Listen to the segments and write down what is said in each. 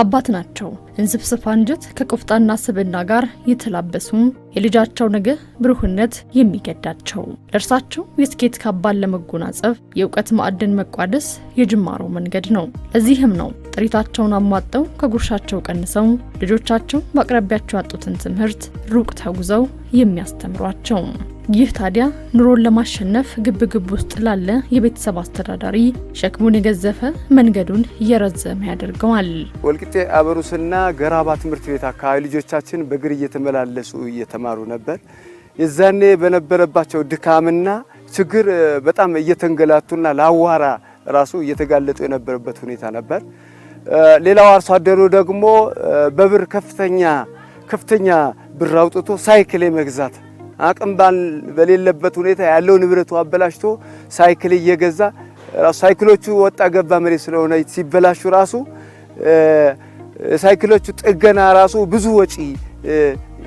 አባት ናቸው። እንስብስፋ አንጀት ከቆፍጣና ስብና ጋር የተላበሱም የልጃቸው ነገ ብሩህነት የሚገዳቸው ለእርሳቸው የስኬት ካባን ለመጎናጸፍ የእውቀት ማዕድን መቋደስ የጅማሮ መንገድ ነው። ለዚህም ነው ጥሪታቸውን አሟጠው ከጉርሻቸው ቀንሰው ልጆቻቸው በአቅራቢያቸው ያጡትን ትምህርት ሩቅ ተጉዘው የሚያስተምሯቸው። ይህ ታዲያ ኑሮን ለማሸነፍ ግብግብ ውስጥ ላለ የቤተሰብ አስተዳዳሪ ሸክሙን የገዘፈ መንገዱን እየረዘመ ያደርገዋል። ወልቂጤ አበሩስና ገራባ ትምህርት ቤት አካባቢ ልጆቻችን በእግር እየተመላለሱ እየተማ ይማሩ ነበር። የዛኔ በነበረባቸው ድካምና ችግር በጣም እየተንገላቱና ለአዋራ ራሱ እየተጋለጡ የነበረበት ሁኔታ ነበር። ሌላው አርሶ አደሩ ደግሞ በብር ከፍተኛ ከፍተኛ ብር አውጥቶ ሳይክል የመግዛት አቅም በሌለበት ሁኔታ ያለው ንብረቱ አበላሽቶ ሳይክል እየገዛ ሳይክሎቹ ወጣ ገባ መሬት ስለሆነ ሲበላሹ ራሱ ሳይክሎቹ ጥገና ራሱ ብዙ ወጪ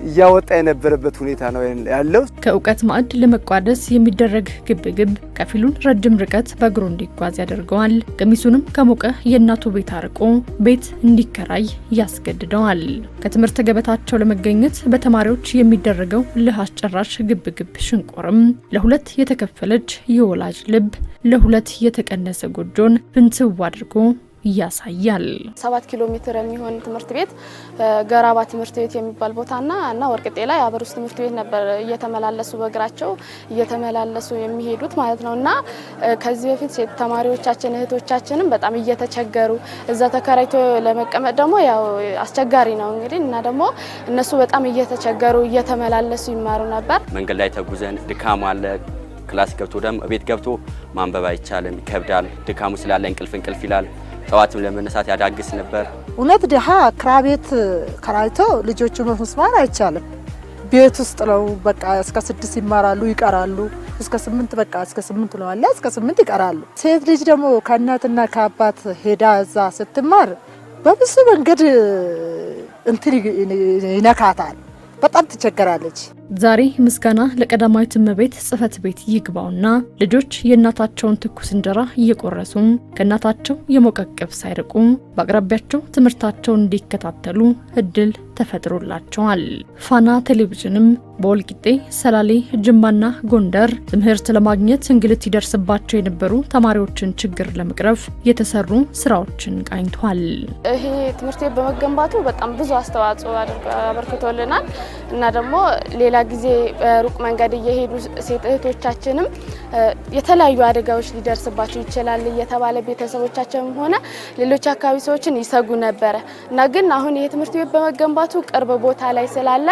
እያወጣ የነበረበት ሁኔታ ነው ያለው። ከእውቀት ማዕድ ለመቋደስ የሚደረግ ግብግብ ከፊሉን ረጅም ርቀት በእግሩ እንዲጓዝ ያደርገዋል። ቀሚሱንም ከሞቀ የእናቱ ቤት አርቆ ቤት እንዲከራይ ያስገድደዋል። ከትምህርት ገበታቸው ለመገኘት በተማሪዎች የሚደረገው ልህ አስጨራሽ ግብግብ ሽንቆርም ለሁለት የተከፈለች የወላጅ ልብ ለሁለት የተቀነሰ ጎጆን ፍንትው አድርጎ ያሳያል። ሰባት ኪሎ ሜትር የሚሆን ትምህርት ቤት ገራባ ትምህርት ቤት የሚባል ቦታና እና ወርቅጤ ላይ አበር ውስጥ ትምህርት ቤት ነበር እየተመላለሱ በእግራቸው እየተመላለሱ የሚሄዱት ማለት ነው። እና ከዚህ በፊት ሴት ተማሪዎቻችን እህቶቻችንም በጣም እየተቸገሩ እዛ ተከራይቶ ለመቀመጥ ደግሞ ያው አስቸጋሪ ነው እንግዲህ እና ደግሞ እነሱ በጣም እየተቸገሩ እየተመላለሱ ይማሩ ነበር። መንገድ ላይ ተጉዘን ድካም አለ ክላስ ገብቶ ደግሞ ቤት ገብቶ ማንበብ አይቻልም፣ ይከብዳል። ድካሙ ስላለ እንቅልፍ እንቅልፍ ይላል። ጠዋትም ለመነሳት ያዳግስ ነበር። እውነት ድሃ ክራቤት ከራይቶ ልጆቹ መስማር አይቻልም። ቤት ውስጥ ነው በቃ እስከ ስድስት ይማራሉ ይቀራሉ። እስከ ስምንት በቃ እስከ ስምንት ነው አለ እስከ ስምንት ይቀራሉ። ሴት ልጅ ደግሞ ከእናትና ከአባት ሄዳ እዛ ስትማር በብዙ መንገድ እንትን ይነካታል። በጣም ትቸገራለች። ዛሬ ምስጋና ለቀዳማዊት እመቤት ጽሕፈት ቤት ይግባውና ልጆች የእናታቸውን ትኩስ እንጀራ እየቆረሱ፣ ከእናታቸው የሞቀ ሳይርቁ፣ በአቅራቢያቸው ትምህርታቸውን እንዲከታተሉ እድል ተፈጥሮላቸዋል። ፋና ቴሌቪዥንም በወልቂጤ፣ ሰላሌ፣ ጅማና ጎንደር ትምህርት ለማግኘት እንግልት ይደርስባቸው የነበሩ ተማሪዎችን ችግር ለመቅረፍ የተሰሩ ስራዎችን ቃኝቷል። ይሄ ትምህርት ቤት በመገንባቱ በጣም ብዙ አስተዋጽኦ አበርክቶልናል እና ደግሞ ሌላ ጊዜ ሩቅ መንገድ እየሄዱ ሴት እህቶቻችንም የተለያዩ አደጋዎች ሊደርስባቸው ይችላል እየተባለ ቤተሰቦቻቸውም ሆነ ሌሎች አካባቢ ሰዎችን ይሰጉ ነበረ እና ግን አሁን ይሄ ትምህርት ቤት በመገንባቱ ቅርብ ቦታ ላይ ስላለ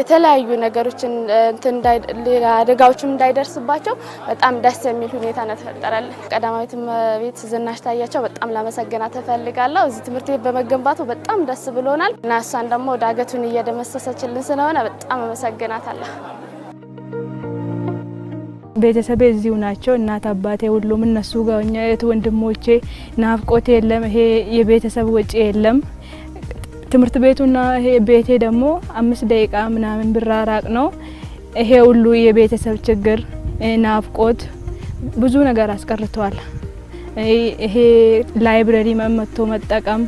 የተለያዩ ነገሮችን አደጋዎችም እንዳይደርስባቸው በጣም ደስ የሚል ሁኔታ ነው ተፈጠረልን። ቀዳማዊት እመቤት ዝናሽ ታያቸው በጣም ላመሰግናት ተፈልጋለሁ። እዚህ ትምህርት ቤት በመገንባቱ በጣም ደስ ብሎናል እና እሷን ደግሞ ዳገቱን እየደመሰሰችልን ስለሆነ በጣም አመሰግናት አለ። ቤተሰቤ እዚሁ ናቸው። እናት አባቴ፣ ሁሉም እነሱ ጋኛ እህት ወንድሞቼ፣ ናፍቆት የለም። ይሄ የቤተሰብ ወጪ የለም። ትምህርት ቤቱና ይሄ ቤቴ ደግሞ አምስት ደቂቃ ምናምን ብራራቅ ነው። ይሄ ሁሉ የቤተሰብ ችግር፣ ናፍቆት ብዙ ነገር አስቀርተዋል። ይሄ ላይብረሪ መመቶ መጠቀም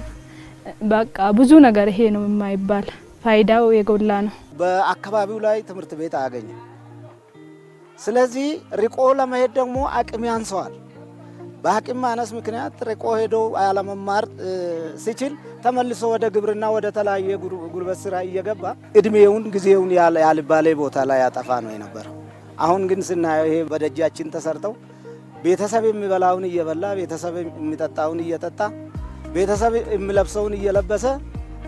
በቃ ብዙ ነገር ይሄ ነው የማይባል ፋይዳው የጎላ ነው። በአካባቢው ላይ ትምህርት ቤት አያገኝም። ስለዚህ ርቆ ለመሄድ ደግሞ አቅም ያንሰዋል። በአቅም ማነስ ምክንያት ርቆ ሄዶ አለመማር ሲችል ተመልሶ ወደ ግብርና ወደ ተለያየ ጉልበት ስራ እየገባ እድሜውን ጊዜውን ያልባሌ ቦታ ላይ ያጠፋ ነው የነበረው። አሁን ግን ስናየው ይሄ በደጃችን ተሰርተው ቤተሰብ የሚበላውን እየበላ ቤተሰብ የሚጠጣውን እየጠጣ ቤተሰብ የሚለብሰውን እየለበሰ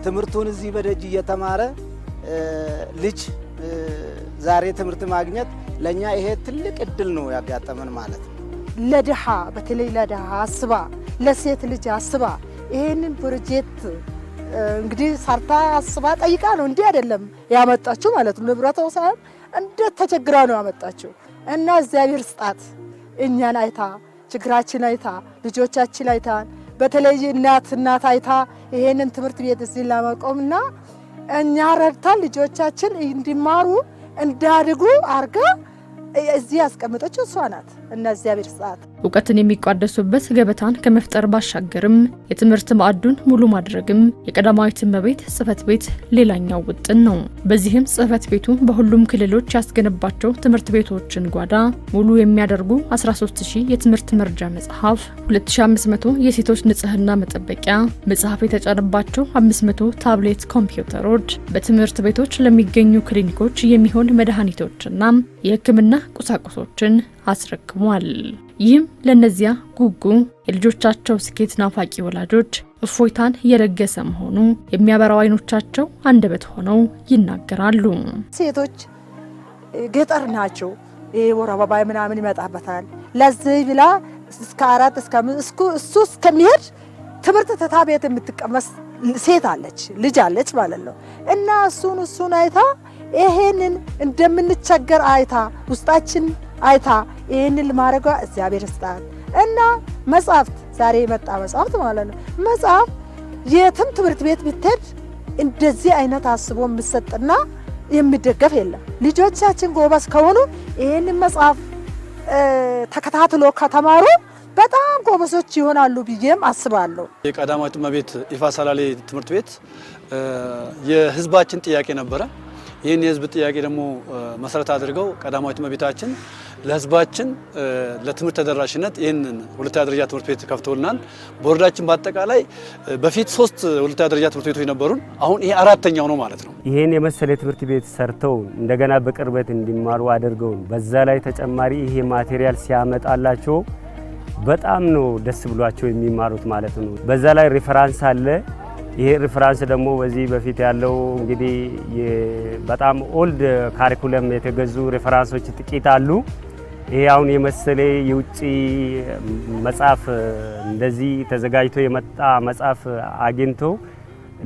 ትምህርቱን እዚህ በደጅ እየተማረ ልጅ ዛሬ ትምህርት ማግኘት ለእኛ ይሄ ትልቅ እድል ነው ያጋጠመን ማለት ነው። ለድሃ በተለይ ለድሃ አስባ ለሴት ልጅ አስባ ይሄንን ፕሮጀክት እንግዲህ ሰርታ አስባ ጠይቃ ነው እንዲህ አይደለም ያመጣችው ማለት ነው። ንብረቷ ሳይሆን እንዴት ተቸግራ ነው ያመጣችው እና እግዚአብሔር ስጣት እኛን አይታ ችግራችን አይታ ልጆቻችን አይታ በተለይ እናት እናት አይታ ይሄንን ትምህርት ቤት እዚህ ለማቆምና እኛ ረድታን ልጆቻችን እንዲማሩ እንዳድጉ አርጋ እዚህ ያስቀምጠችው እሷ ናት። እና እግዚአብሔር ሰዓት እውቀትን የሚቋደሱበት ገበታን ከመፍጠር ባሻገርም የትምህርት ማዕዱን ሙሉ ማድረግም የቀዳማዊት እመቤት ጽህፈት ቤት ሌላኛው ውጥን ነው። በዚህም ጽህፈት ቤቱ በሁሉም ክልሎች ያስገነባቸው ትምህርት ቤቶችን ጓዳ ሙሉ የሚያደርጉ 13000 የትምህርት መርጃ መጽሐፍ፣ 2500 የሴቶች ንጽህና መጠበቂያ መጽሐፍ የተጫነባቸው 500 ታብሌት ኮምፒውተሮች፣ በትምህርት ቤቶች ለሚገኙ ክሊኒኮች የሚሆን መድኃኒቶችና የህክምና ቁሳቁሶችን አስረክሟል። ይህም ለእነዚያ ጉጉ የልጆቻቸው ስኬት ናፋቂ ወላጆች እፎይታን እየለገሰ መሆኑ የሚያበራው አይኖቻቸው አንደበት ሆነው ይናገራሉ። ሴቶች ገጠር ናቸው። ወር አበባ ምናምን ይመጣበታል። ለዚህ ብላ እስከ አራት እሱ እስከሚሄድ ትምህርት ትታ ቤት የምትቀመስ ሴት አለች፣ ልጅ አለች ማለት ነው። እና እሱን እሱን አይታ ይሄንን እንደምንቸገር አይታ ውስጣችን አይታ ይህንን ማድረጓ እግዚአብሔር ስጣል እና መጽሐፍት ዛሬ የመጣ መጽሐፍት ማለት ነው። መጽሐፍ የትም ትምህርት ቤት ብትሄድ እንደዚህ አይነት አስቦ የሚሰጥና የሚደገፍ የለም። ልጆቻችን ጎበዝ ከሆኑ ይህንን መጽሐፍ ተከታትሎ ከተማሩ በጣም ጎበዞች ይሆናሉ ብዬም አስባለሁ። የቀዳማዊት እመቤት ይፋ ሰላሌ ትምህርት ቤት የህዝባችን ጥያቄ ነበረ። ይህን የህዝብ ጥያቄ ደግሞ መሰረት አድርገው ቀዳማዊት እመቤታችን ለህዝባችን ለትምህርት ተደራሽነት ይህንን ሁለተኛ ደረጃ ትምህርት ቤት ከፍቶልናል። ቦርዳችን በአጠቃላይ በፊት ሶስት ሁለተኛ ደረጃ ትምህርት ቤቶች ነበሩን። አሁን ይሄ አራተኛው ነው ማለት ነው። ይህን የመሰለ ትምህርት ቤት ሰርተው እንደገና በቅርበት እንዲማሩ አድርገውን በዛ ላይ ተጨማሪ ይሄ ማቴሪያል ሲያመጣላቸው በጣም ነው ደስ ብሏቸው የሚማሩት ማለት ነው። በዛ ላይ ሪፈራንስ አለ። ይሄ ሪፈራንስ ደግሞ በዚህ በፊት ያለው እንግዲህ በጣም ኦልድ ካሪኩለም የተገዙ ሪፈራንሶች ጥቂት አሉ። ይሄ አሁን የመሰለ የውጭ መጽሐፍ እንደዚህ ተዘጋጅቶ የመጣ መጽሐፍ አግኝቶ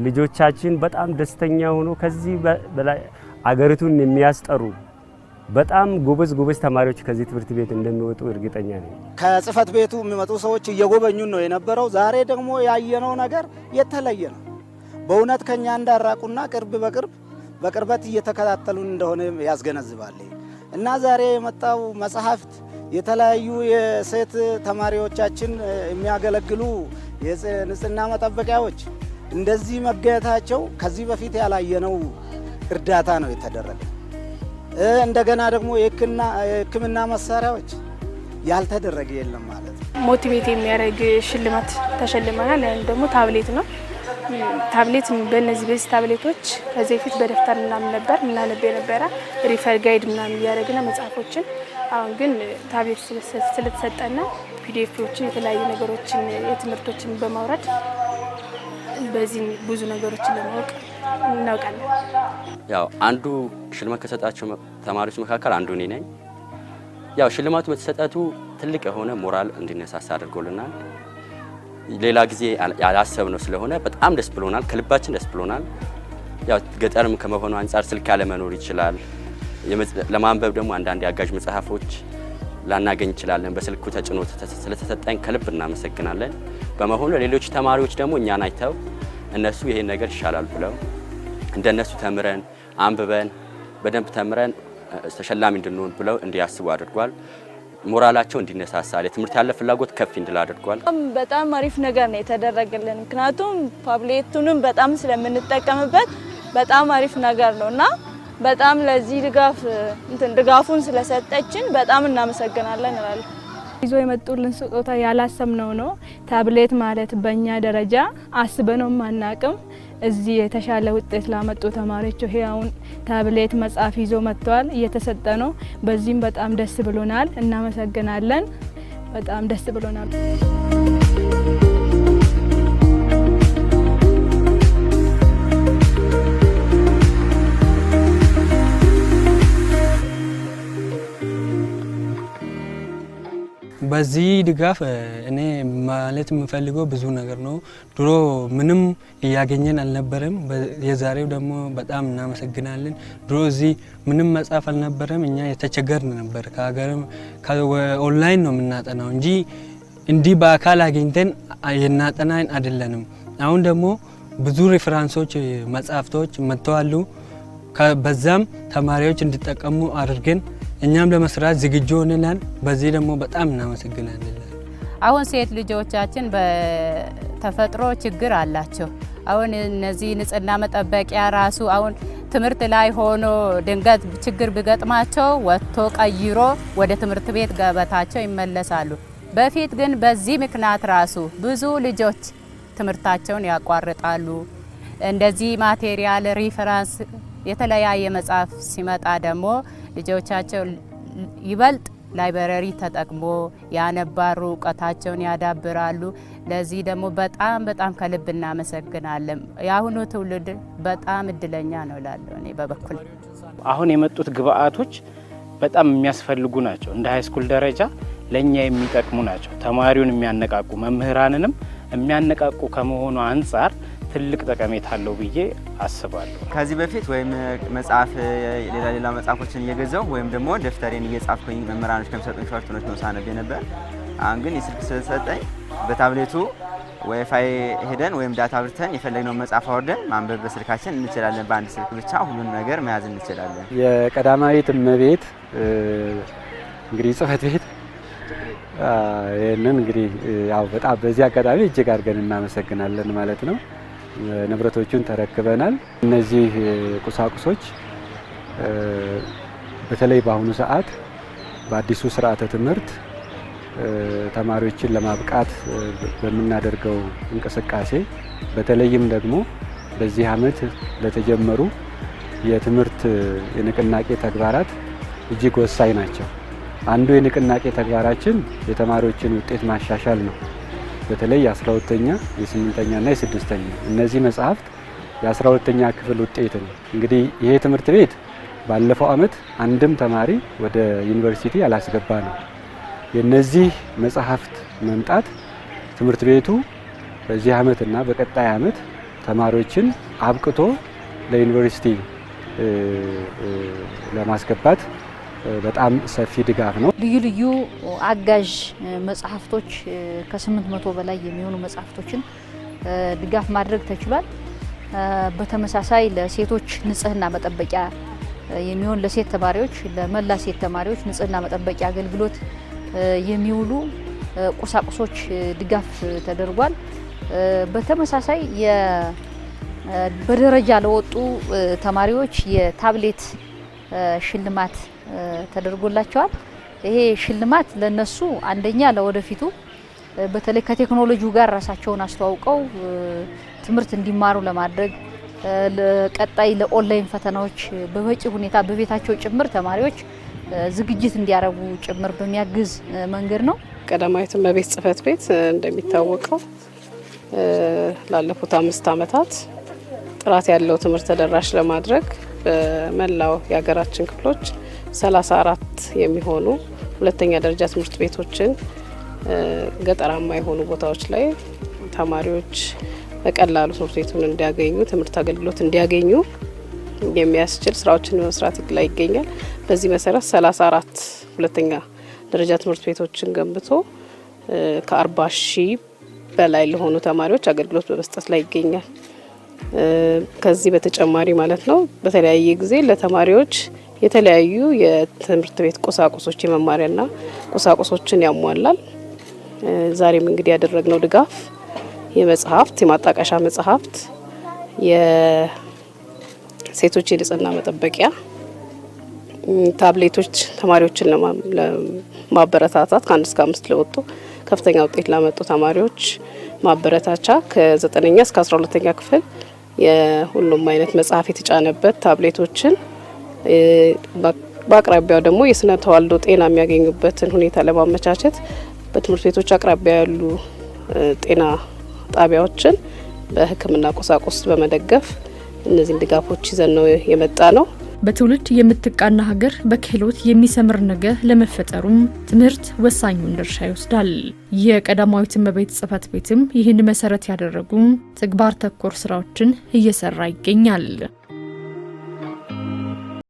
ልጆቻችን በጣም ደስተኛ ሆኖ ከዚህ በላይ አገሪቱን የሚያስጠሩ በጣም ጎበዝ ጎበዝ ተማሪዎች ከዚህ ትምህርት ቤት እንደሚወጡ እርግጠኛ ነኝ። ከጽህፈት ቤቱ የሚመጡ ሰዎች እየጎበኙን ነው የነበረው። ዛሬ ደግሞ ያየነው ነገር የተለየ ነው። በእውነት ከኛ እንዳራቁና ቅርብ በቅርብ በቅርበት እየተከታተሉን እንደሆነ ያስገነዝባል። እና ዛሬ የመጣው መጽሐፍት የተለያዩ የሴት ተማሪዎቻችን የሚያገለግሉ የንጽህና መጠበቂያዎች እንደዚህ መገኘታቸው ከዚህ በፊት ያላየነው እርዳታ ነው የተደረገ። እንደገና ደግሞ የሕክምና መሳሪያዎች ያልተደረገ የለም ማለት ነው። ሞቲቬት የሚያደርግ ሽልማት ተሸልመናል። ደግሞ ታብሌት ነው። ታብሌት በእነዚህ በዚህ ታብሌቶች ከዚህ በፊት በደፍተር ምናምን ነበር ምናነብ የነበረ ሪፈር ጋይድ ምናምን እያደረግነ መጽሐፎችን አሁን ግን ታብሌት ስለተሰጠና ፒዲኤፎችን የተለያዩ ነገሮችን የትምህርቶችን በማውረድ በዚህ ብዙ ነገሮችን ለማወቅ እናውቃለን። ያው አንዱ ሽልማት ከሰጣቸው ተማሪዎች መካከል አንዱ እኔ ነኝ። ያው ሽልማቱ መተሰጠቱ ትልቅ የሆነ ሞራል እንዲነሳሳ አድርጎልናል። ሌላ ጊዜ ያላሰብነው ስለሆነ በጣም ደስ ብሎናል። ከልባችን ደስ ብሎናል። ያው ገጠርም ከመሆኑ አንጻር ስልክ ያለመኖር ይችላል። ለማንበብ ደግሞ አንዳንድ የአጋዥ መጽሐፎች ላናገኝ እንችላለን። በስልኩ ተጭኖ ስለተሰጠን ከልብ እናመሰግናለን። በመሆኑ ሌሎች ተማሪዎች ደግሞ እኛን አይተው እነሱ ይሄን ነገር ይሻላል ብለው እንደነሱ ተምረን አንብበን በደንብ ተምረን ተሸላሚ እንድንሆን ብለው እንዲያስቡ አድርጓል። ሞራላቸው እንዲነሳሳ የትምህርት ያለ ፍላጎት ከፍ እንድል አድርጓል። በጣም አሪፍ ነገር ነው የተደረገልን። ምክንያቱም ፓብሌቱንም በጣም ስለምንጠቀምበት በጣም አሪፍ ነገር ነው እና በጣም ለዚህ ድጋፍ እንትን ድጋፉን ስለሰጠችን በጣም እናመሰግናለን እላለሁ። ይዞ የመጡልን ስጦታ ያላሰብነው ነው። ታብሌት ማለት በእኛ ደረጃ አስበነው አናቅም። እዚህ የተሻለ ውጤት ላመጡ ተማሪዎች ይሄ አሁን ታብሌት መጽሐፍ ይዞ መጥተዋል፣ እየተሰጠ ነው። በዚህም በጣም ደስ ብሎናል። እናመሰግናለን። በጣም ደስ ብሎናል። በዚህ ድጋፍ እኔ ማለት የምፈልገው ብዙ ነገር ነው። ድሮ ምንም እያገኘን አልነበረም። የዛሬው ደግሞ በጣም እናመሰግናለን። ድሮ እዚህ ምንም መጽሐፍ አልነበረም፣ እኛ የተቸገርን ነበር። ከሀገርም ኦንላይን ነው የምናጠናው እንጂ እንዲህ በአካል አግኝተን የናጠናን አይደለንም። አሁን ደግሞ ብዙ ሬፈራንሶች መጽሐፍቶች መጥተዋሉ። በዛም ተማሪዎች እንዲጠቀሙ አድርገን እኛም ለመስራት ዝግጁ ሆነናል። በዚህ ደግሞ በጣም እናመሰግናለን። አሁን ሴት ልጆቻችን በተፈጥሮ ችግር አላቸው። አሁን እነዚህ ንጽህና መጠበቂያ ራሱ አሁን ትምህርት ላይ ሆኖ ድንገት ችግር ቢገጥማቸው ወጥቶ ቀይሮ ወደ ትምህርት ቤት ገበታቸው ይመለሳሉ። በፊት ግን በዚህ ምክንያት ራሱ ብዙ ልጆች ትምህርታቸውን ያቋርጣሉ። እንደዚህ ማቴሪያል ሪፈራንስ የተለያየ መጽሐፍ ሲመጣ ደግሞ ልጆቻቸው ይበልጥ ላይብረሪ ተጠቅሞ ያነባሩ፣ እውቀታቸውን ያዳብራሉ። ለዚህ ደግሞ በጣም በጣም ከልብ እናመሰግናለን። የአሁኑ ትውልድ በጣም እድለኛ ነው እላለሁ እኔ በበኩል። አሁን የመጡት ግብአቶች በጣም የሚያስፈልጉ ናቸው። እንደ ሃይስኩል ደረጃ ለእኛ የሚጠቅሙ ናቸው። ተማሪውን የሚያነቃቁ መምህራንንም የሚያነቃቁ ከመሆኑ አንጻር ትልቅ ጠቀሜታ አለው ብዬ አስባለሁ። ከዚህ በፊት ወይም መጽሐፍ ሌላ ሌላ መጽሐፎችን እየገዛው ወይም ደግሞ ደፍተሬን እየጻፍኩኝ መምህራኖች ከሚሰጡኝ ሾርትኖች ነው ሳነብ ነበር። አሁን ግን የስልክ ስለሰጠኝ በታብሌቱ ዋይፋይ ሄደን ወይም ዳታ ብርተን የፈለግነውን መጽሐፍ አውርደን ማንበብ በስልካችን እንችላለን። በአንድ ስልክ ብቻ ሁሉን ነገር መያዝ እንችላለን። የቀዳማዊት እመቤት እንግዲህ ጽሕፈት ቤት ይህንን እንግዲህ ያው በጣም በዚህ አጋጣሚ እጅግ አድርገን እናመሰግናለን ማለት ነው። ንብረቶቹን ተረክበናል። እነዚህ ቁሳቁሶች በተለይ በአሁኑ ሰዓት በአዲሱ ስርዓተ ትምህርት ተማሪዎችን ለማብቃት በምናደርገው እንቅስቃሴ በተለይም ደግሞ በዚህ ዓመት ለተጀመሩ የትምህርት የንቅናቄ ተግባራት እጅግ ወሳኝ ናቸው። አንዱ የንቅናቄ ተግባራችን የተማሪዎችን ውጤት ማሻሻል ነው። በተለይ የ12ተኛ የ8ተኛና የ6ተኛ እነዚህ መጽሐፍት የ12ተኛ ክፍል ውጤት ነው። እንግዲህ ይሄ ትምህርት ቤት ባለፈው አመት አንድም ተማሪ ወደ ዩኒቨርሲቲ ያላስገባ ነው። የነዚህ መጽሐፍት መምጣት ትምህርት ቤቱ በዚህ አመት ና በቀጣይ አመት ተማሪዎችን አብቅቶ ለዩኒቨርሲቲ ለማስገባት በጣም ሰፊ ድጋፍ ነው። ልዩ ልዩ አጋዥ መጽሐፍቶች ከስምንት መቶ በላይ የሚሆኑ መጽሐፍቶችን ድጋፍ ማድረግ ተችሏል። በተመሳሳይ ለሴቶች ንጽህና መጠበቂያ የሚሆን ለሴት ተማሪዎች ለመላ ሴት ተማሪዎች ንጽህና መጠበቂያ አገልግሎት የሚውሉ ቁሳቁሶች ድጋፍ ተደርጓል። በተመሳሳይ በደረጃ ለወጡ ተማሪዎች የታብሌት ሽልማት ተደርጎላቸዋል። ይሄ ሽልማት ለነሱ አንደኛ ለወደፊቱ በተለይ ከቴክኖሎጂው ጋር ራሳቸውን አስተዋውቀው ትምህርት እንዲማሩ ለማድረግ ቀጣይ ለኦንላይን ፈተናዎች በበቂ ሁኔታ በቤታቸው ጭምር ተማሪዎች ዝግጅት እንዲያረጉ ጭምር በሚያግዝ መንገድ ነው። ቀዳማዊት በቤት ጽሕፈት ቤት እንደሚታወቀው ላለፉት አምስት ዓመታት ጥራት ያለው ትምህርት ተደራሽ ለማድረግ በመላው የሀገራችን ክፍሎች 34 የሚሆኑ ሁለተኛ ደረጃ ትምህርት ቤቶችን ገጠራማ የሆኑ ቦታዎች ላይ ተማሪዎች በቀላሉ ትምህርት ቤቱን እንዲያገኙ ትምህርት አገልግሎት እንዲያገኙ የሚያስችል ስራዎችን በመስራት ላይ ይገኛል። በዚህ መሰረት 34 ሁለተኛ ደረጃ ትምህርት ቤቶችን ገንብቶ ከ40 ሺህ በላይ ለሆኑ ተማሪዎች አገልግሎት በመስጠት ላይ ይገኛል። ከዚህ በተጨማሪ ማለት ነው በተለያየ ጊዜ ለተማሪዎች የተለያዩ የትምህርት ቤት ቁሳቁሶች የመማሪያና ቁሳቁሶችን ያሟላል። ዛሬም እንግዲህ ያደረግነው ድጋፍ የመጽሐፍት የማጣቀሻ መጽሐፍት፣ የሴቶች የንጽህና መጠበቂያ ታብሌቶች ተማሪዎችን ለማበረታታት ከአንድ እስከ አምስት ለወጡ ከፍተኛ ውጤት ላመጡ ተማሪዎች ማበረታቻ ከዘጠነኛ እስከ አስራ ሁለተኛ ክፍል የሁሉም አይነት መጽሐፍ የተጫነበት ታብሌቶችን በአቅራቢያው ደግሞ የስነ ተዋልዶ ጤና የሚያገኙበትን ሁኔታ ለማመቻቸት በትምህርት ቤቶች አቅራቢያ ያሉ ጤና ጣቢያዎችን በሕክምና ቁሳቁስ በመደገፍ እነዚህን ድጋፎች ይዘን ነው የመጣ ነው። በትውልድ የምትቃና ሀገር በክህሎት የሚሰምር ነገ ለመፈጠሩም ትምህርት ወሳኙን ድርሻ ይወስዳል። የቀዳማዊት እመቤት ጽሕፈት ቤትም ይህን መሰረት ያደረጉ ተግባር ተኮር ስራዎችን እየሰራ ይገኛል።